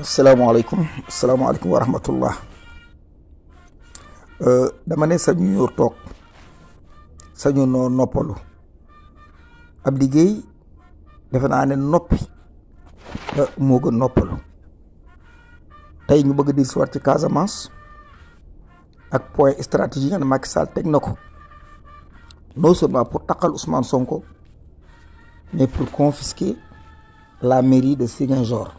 asalaamaaleykum asalaamaaleykum wa rahmatullah euh, dama ne sañu ñor toog sañu noppalu ab liggéey defe naa ne noppi euh, moo gën noppalu tey ñu bëgg di siwaat ci Casamance ak point stratégie nga ne Macky teg na ko non seulement pour taqal Ousmane Sonko mais pour confisquer la mairie de Ziguinchor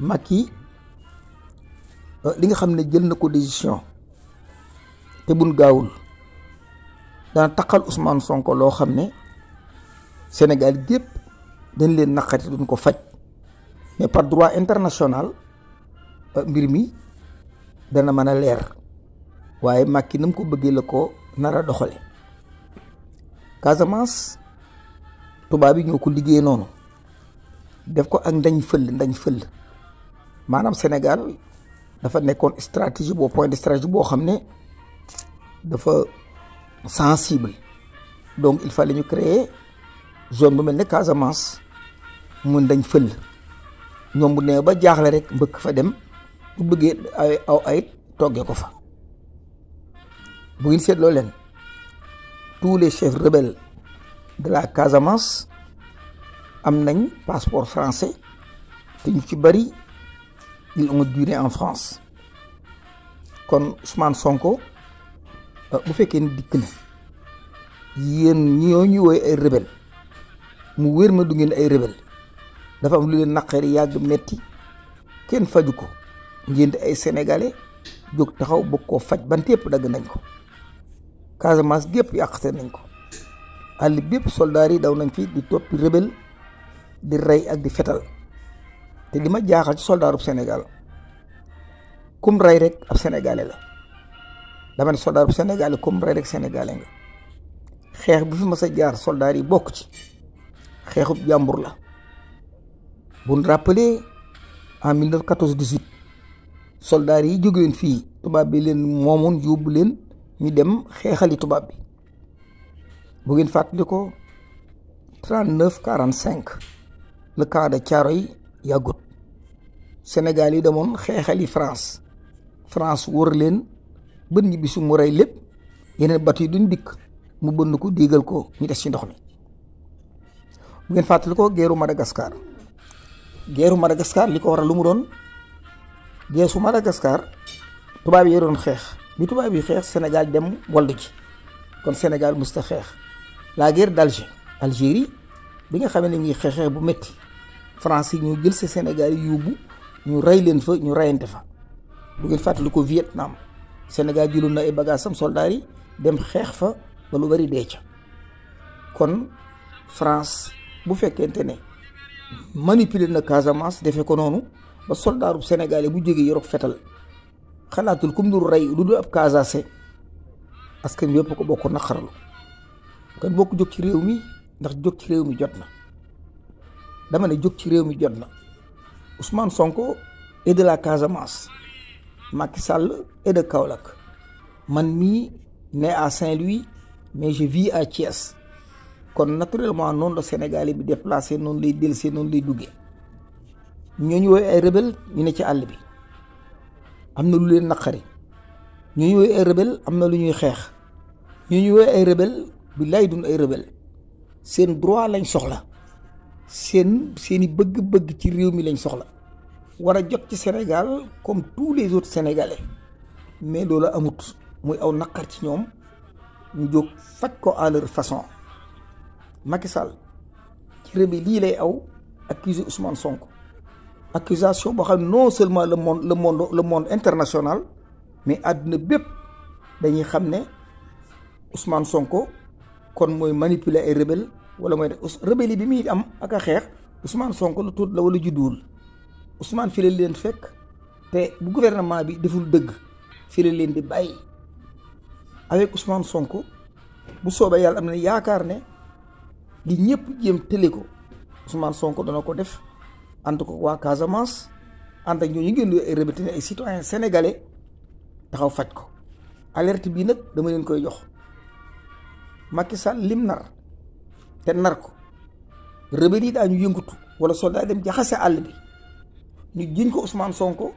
Macky euh, li nga xam ne jël na ko décision te buñ gaawul dana taqal Ousmane Sonko loo xam ne Sénégal gépp dañ leen naqati duñ ko faj mais par droit international euh, mbir mi dana mën a leer waaye Macky na ko bëggee la ko nara a doxale Casamance tubaab yi ñoo ko liggéey noonu def ko ak ndañ fëll ndañ fëll maanaam Sénégal dafa nekkoon stratégie boo point de stratégie boo xam ne dafa sensible donc il fallait ñu créer zone bu mel ne Casamance mun dañ fël ñoom bu nee ba jaaxle rek mbëkk fa dem bu bëggee ay aw ay toggee ko fa bu ngeen seetloo leen tous les chefs rebelles de la Casamance am nañ passeport français te ñu ci bari ils ont en France kon Ousmane Sonko euh, bu fekkee ni dikk na yéen ñoo ñu woy ay rebelle mu wér ma du ngeen ay rebelle dafa am lu leen naqari yàgg metti kenn faju ko ngeen di ay sénégalais jóg taxaw bëgg koo faj bant yëpp dagg nañ ko Casamance gépp yàq seen nañ ko àll bépp soldaar yi daw nañ fi di toppi rebelle di rey ak di fetal te li ma jaaxal ci soldaarub Sénégal kum rey rek ab sénégalais la dama ne soldaarub sénégalais kum rek sénégalais xeex bu fi mas a jaar soldaar yi bokk ci xeexub jàmbur la bu ñu rappelé en 1914 18 soldaar yi jógeen fii tubaab bi leen moomoon yóbbu leen ñu dem xeexali tubaab bi bu ngeen fàttali ko 39 45 le cas de Thiaroye yàggut Sénégal yi demoon xeexali France France wër leen bët ñibbi bisu mu rey lépp yeneen bato yi duñ dikk mu bënn ko diigal ko ñu des ci ndox mi bu ngeen fàttali ko geeru Madagascar geeru Madagascar li ko waral lu mu doon geesu Madagascar tubaab yi doon xeex bi tubaab yi xeex Sénégal dem waldu ji kon Sénégal musta xeex la guerre d'Alger Algérie bi nga xamee ne ñuy xeexee bu métti France yi ñuy jël sa Sénégal yi yóbbu ñu rey leen fa ñu reyante fa bu ngeen fàttali ko Vietnam Sénégal jëloon na ay bagages am soldats yi dem xeex fa ba lu bari dee ca kon France bu fekkente ne manipuler na Casamance defe ko noonu ba soldaaru sénégalais bu jógee yorok fetal xalaatul kum dul rey lu dul ab Casase askan wi yëpp ko bokk naqarlu kon bokk jóg ci réew mi ndax jóg ci réew mi jot na dama ne jóg ci réew mi jot na. Ousmane Sonko est de la Casamance Macky Sall est de Kaolack man mii né à Saint-Louis mais je vis à Thiès kon naturellement noonu la Sénégalais bi déplacé noonu lay delsee noonu lay duggee ñu woy ay rebelle ñu ne ci àll bi am na lu leen naqari ñooñu woy ay rebelle am na lu ñuy xeex ñu woy ay rebelle bi lay dun ay rebelle seen droit lañ soxla seen seeni bëgg-bëgg ci réew mi lañ soxla war a jot ci Sénégal comme tous les autres Sénégalais mais loolu amut muy aw naqar ci ñoom ñu jóg faj ko à leur façon Macky Sall ci rëbi lii lay aw accuser Ousmane sonk accusation boo xam non seulement le monde le monde le monde international mais àddina bépp dañuy xam ne Ousmane Sonko kon mooy manipuler ay rebelle wala mooy rebelle bi muy am ak a xeex Ousmane Sonko lu tuut la wala judduwul Ousmane fii la leen fekk te bu gouvernement bi deful dëgg fii la leen di bàyyi avec Ousmane sonk bu soobee yàlla am na yaakaar ne li ñëpp jéem tële ko Ousmane sonk dana ko def ànd ko waa Casamance ànd ñoo ñooñu ngeen di ay rebelle ay citoyens sénégalais taxaw faj ko alerte bii nag dama leen koy jox Macky Sall lim nar. te nar ko rebelle yi yëngutu yëngatu wala soldat dem jaxase àll bi ñu jiñ ko Ousmane Sonko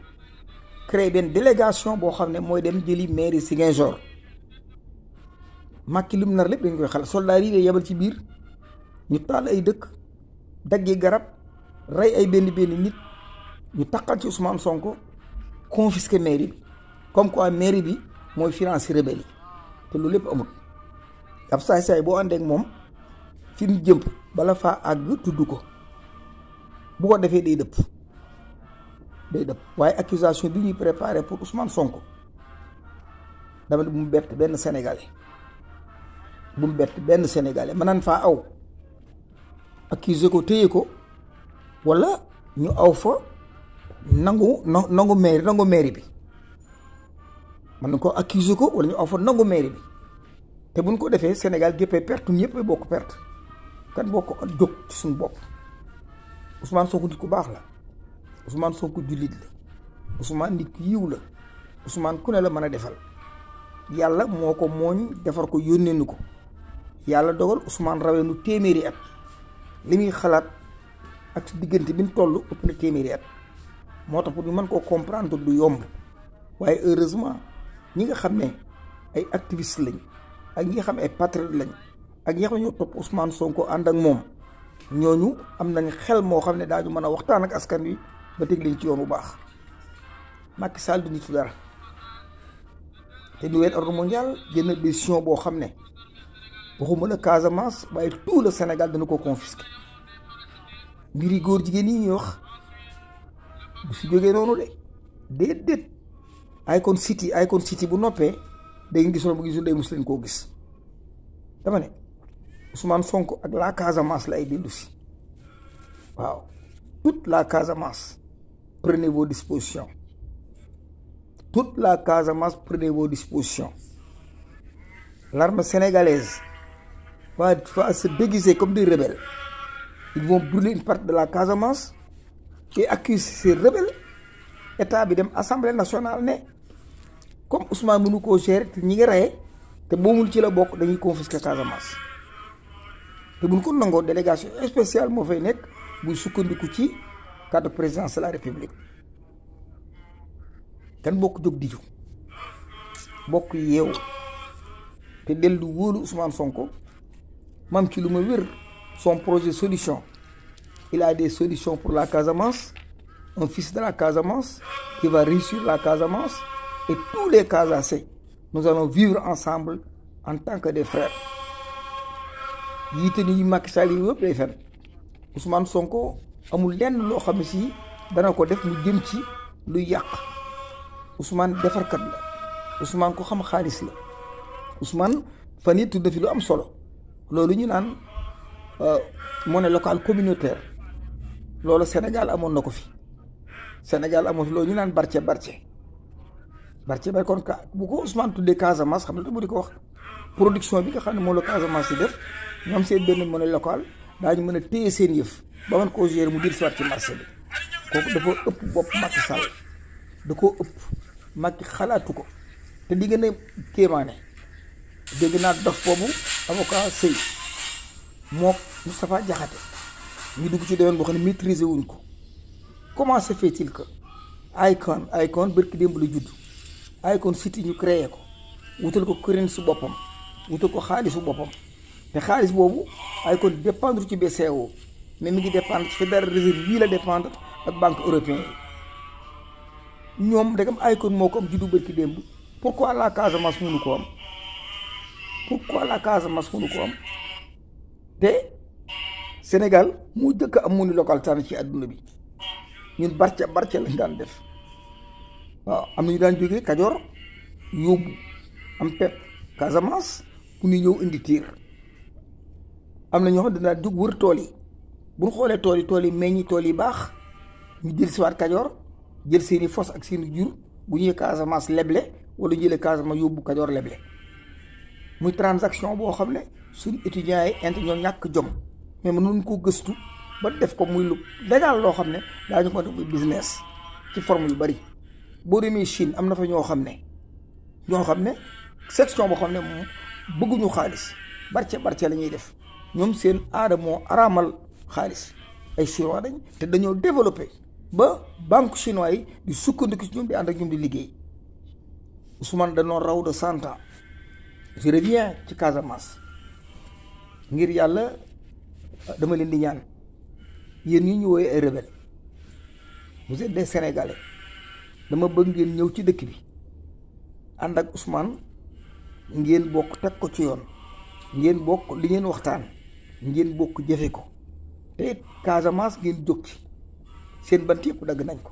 créé benn délégation boo xam ne mooy dem jëli mairie Ziguinchor Macky mu nar lépp dañ koy xal soldat yi day yabal ci biir ñu taal ay dëkk daggi garab rey ay benn benn nit ñu takkal ci Ousmane Sonko confisqué mairie bi comme quoi mairie bi mooy financé rebelle yi te loolu lépp amul ab saay saay boo àndeek moom fi mu jëm bala faa àgg tudd ko bu ko defee day dëpp day dëpp waaye accusation bi ñuy préparé pour Ousmane Sonko dama ne bu mu bett benn Sénégalais bu mu bett benn Sénégalais naan faa aw accusé ko téye ko wala ñu aw fa nangu nangu mairie nangu mairie bi mën na ko accusé ko wala ñu aw fa nangu mairie bi te buñ ko defee Sénégal géppee perte ñëpp bokk pert kan boo ko jóg ci suñu bopp Ousmane Sonko nit ku baax la Ousmane Sonko jullit la Ousmane nit ku yiw la Ousmane ku ne la mën a defal yàlla moo ko mooñ defar ko yónnee nu ko yàlla dogal Ousmane rawee nu téeméeri at li muy xalaat ak si diggante bi mu toll ëpp na téeméeri at moo tax pour ñu mën koo comprendre du yomb waaye heureusement ñi nga xam ne ay activistes lañ ak ñi nga xam ay patriotes lañ. ak ñi nga xam ne ñoo topp Ousmane Sonko ànd ak moom ñooñu am nañ xel moo xam ne daañu mën a waxtaan ak askan wi ba teg leen ci yoon bu baax Macky Sall du nitu dara te nouvel ordre mondial jënd bision boo xam ne waxuma la Casamance waaye tout le Sénégal dana ko confisquer mbiri góor jigéen yi ñuy wax du fi jógee noonu de déedéet Icon City Icon City bu noppee da ngeen gisoon bu gisul day mos leen koo gis dama ne. Ousmane Sonko ak la Casamance la ay dellu si waaw tout la Casamance prenez vos dispositions tout la Casamance prenez vos dispositions l'armée sénégalaise va va se déguiser comme des rebelles ils vont brûler une partie de la Casamance et accuser ces rebelles état bi dem assemblée nationale ne comme Ousmane mënu koo gérer ñi ngi reye te boomul ci la bokk dañuy confisquer Casamance. te buñ ko nangoo délégation spéciale moo fay nekk buy sukkandiku ci cadre présidence de la république kan bokk jóg diju bokk yeew te dellu wóolu Ousmane Sonko mam ci lu ma wér son projet solution il a des solution pour la Casamance un fils de la Casamance qui va réussir la Casamance et tous les Casamançais nous allons vivre ensemble en tant que des frères yiite ni Macky Sall yi yëpp day fen Ousmane Sonko amul lenn loo xam ne si dana ko def mu jëm ci lu yàq Ousmane defarkat la Ousmane ko xam xaalis la Ousmane fan yii tudd fi lu am solo loolu ñu naan euh, monnaie locale communautaire loolu Sénégal amoon na ko fi Sénégal amoon fi loolu ñu naan barce barce barce bay kon ka bu ko Ousmane tuddee Casamance xam ne bu di ko wax production bi nga xam ne moom la Casamance di def. ñoom seen benn monnaie locale ñu mën a téye seen yëf ba mën koo gérer mu dir soit ci marché bi kooku dafa ëpp bopp Macky Sall da koo ëpp Macky xalaatu ko te li gën a kéemaane dégg naa dof boobu avocat sëy mook Moustapha Diakhaté ñu dugg ci domaine boo xam ne maîtriser wuñ ko comment se fait-il que Akon Akon bërki démb la judd Akon City ñu créé ko wutal ko kuréel su boppam wutal ko xaalisu boppam te xaalis boobu ay kon dépendre ci BCEAO mais mi ngi dépendre ci Federal Reserve bii la dépendre ak banque européenne yi ñoom dagam ay kon moo ko am juddu bërki démb pourquoi la Casamance mënu ko am pourquoi la ko am te Sénégal mu dëkk am mu local tànn ci àdduna bi ñun barca barca lañ daan def waaw am na ñu daan jógee Kajoor yóbbu am pepp Casamance ku ni ñëw indi tiir am na ñoo xam ne danaa jug tool yi bu xoolee tool yi tool yi meññi tool yi baax ñu jël siwaat kajoor jël seeni fos ak seeni jur bu ñuy Casamance leble wala jëlee Casamance yóbbu kajoor leble muy transaction boo xam ne suñu étudiants yi int ñoo ñàkk jom mais mënuñ ko gëstu ba def muy lu légal loo xam ne daañu ko ci forme yu bari boo demee Chine am na fa ñoo xam ne ñoo xam ne section boo xam ne bëgguñu xaalis barce barce la ñuy def ñoom seen aadamoo moo araamal xaalis ay chinois dañ te dañoo développé ba banque chinois yi di sukkandiku ci ñoom di ànd ak ñoom di liggéey Ousmane dañoo raw de santa ans je ci Casamance ngir yàlla dama leen di ñaan yéen ñi ñu woowee ay rebelle vous êtes des dama bëgg ngeen ñëw ci dëkk bi ànd ak Ousmane ngeen bokk teg ko ci yoon ngeen bokk li ngeen waxtaan. ngeen bokk jëfe ko te it Casamance ngeen jóg seen bant yëpp dagg nañ ko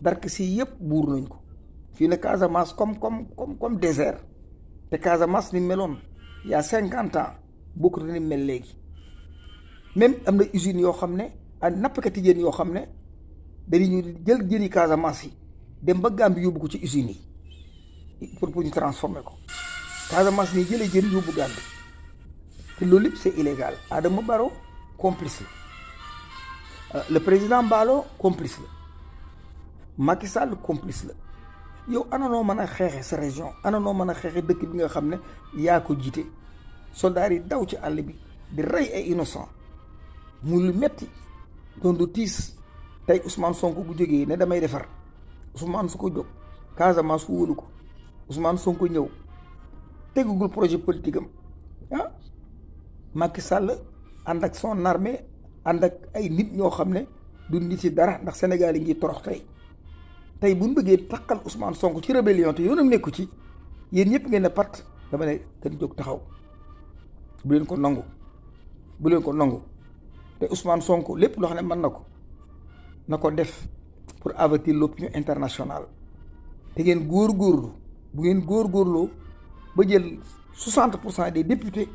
dark si yëpp buur nañ ko fii la Casamance comme comme comme comme désert te Casamance ni meloon y a cinquante ans bokkut ni mel léegi même am na usines yoo xam ne ak nappkati jën yoo xam ne dañuy jël jëri Casamance yi dem ba gàmbi yóbbu ko ci usines yi pour pour ñu transformer ko Casamance ni jëlee jën yóbbu Gambie te loolu lépp c'est illégal Adama Barrow complice la euh, le président Mballo complice la Macky Sall complice la yow ana noo mën a xeexe sa région ana noo mën a xeexe dëkk bi nga xam ne yaa ko jiite soldats yi daw ci àll bi di rey ay innocent mu lu metti doon du tiis tey Ousmane Sonko bu jógee ne damay defar Ousmane su ko jóg Casamance wóolu ko Ousmane Sonko ñëw tegugul projet politique am ah? Macky sàll ànd ak son armée ànd ak ay nit ñoo xam ne du nit ci dara ndax Sénégal yi ngi torox tey tey bu ñu bëggee takkal Ousmane Sonko ci rébellion te yoonam nekku ci yéen ñëpp ngeen a part dama ne gën jóg taxaw bu leen ko nangu bu leen ko nangu te Ousmane Sonko lépp loo xam ne mën na ko na ko def pour avertir l'opinion internationale te ngeen góor góorlu bu ngeen góor góorloo ba jël 60 pour cent des député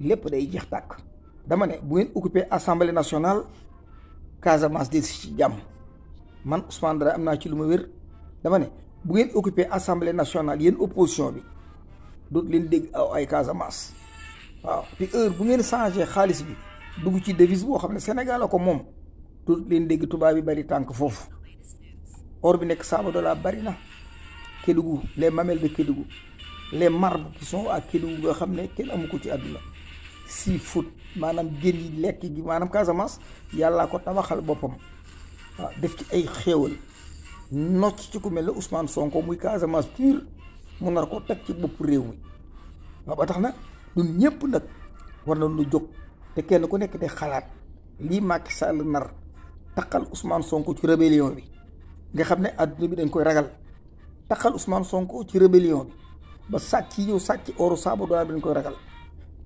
lépp day jeex tàkk dama ne bu ngeen occupé assemblée nationale Casamance des ci jàmm man Ousmane Dara am naa ci lu ma wér dama ne bu ngeen occupé assemblée nationale yéen opposition bi doot leen dégg aw ay Casamance waaw te heure bu ngeen changé xaalis bi dugg ci devise boo xam ne Sénégal ko moom doot leen dégg tubaab yi bari tànk foofu or bi nekk Sabodala bari na Kédougou les mamelles de Kédougou les marbres qui sont à Kédougou nga xam ne kenn ci àdduna six foot maanaam géej gi lekk gi maanaam Casamance yàllaa ko tabaxal boppam waaw def ci ay xéewal nocc ci ku mel ne Ousmane Sonko muy Casamance pur mu nar ko teg ci bopp réew mi waaw ba tax na ñun ñëpp nag war na lu jóg te kenn ku nekk de xalaat lii Macky Sall nar taqal Ousmane Sonko ci rébellion bi nga xam ne adduna bi dañ koy ragal taqal Ousmane Sonko ci rébellion bi ba sàcc yi ñëw sàcc oru saabu doole bi dañ koy ragal.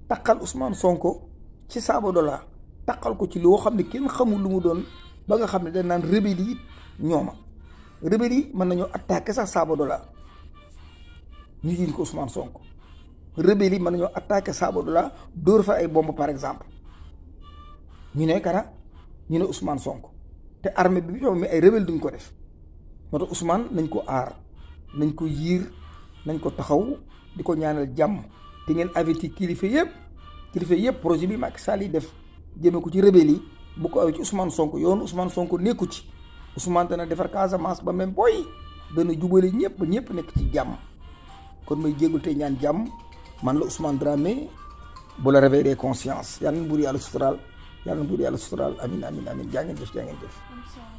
takkal Ousmane Sonko ci Saba Dollar taqal ko ci loo xam ne kenn xamul lu mu doon ba nga xam ne dañ naan rebelle yi ñooma rebelle yi mën nañoo attaqué sax Saba Dollar ñu jiñ ko Ousmane Sonko rebelle yi mën nañoo attaqué Saba Dollar dóor fa ay bomb par exemple ñu ne kara ñu ne Ousmane Sonko te armée bi ñoom mi ay rebelle duñ ko def moo tax Ousmane nañ ko aar nañ ko yiir nañ ko taxaw di ko ñaanal jàmm. di ngeen averti kilifa yëpp kilifa yëpp projet bi Macky Sall yi def jëmee ko ci rebelle yi bu ko awee ci Ousmane Sonko yoonu Ousmane Sonko nekku ci Ousmane dana defar Casamance ba même booy dana jubale ñëpp ñëpp nekk ci jàmm kon may jéggul tey ñaan jàmm man la Ousmane Dramé bu la réveillé conscience yal na buur yàlla suturaal yal na buur yàlla suturaal amin amin amin jaa ngeen jëf jaa ngeen jëf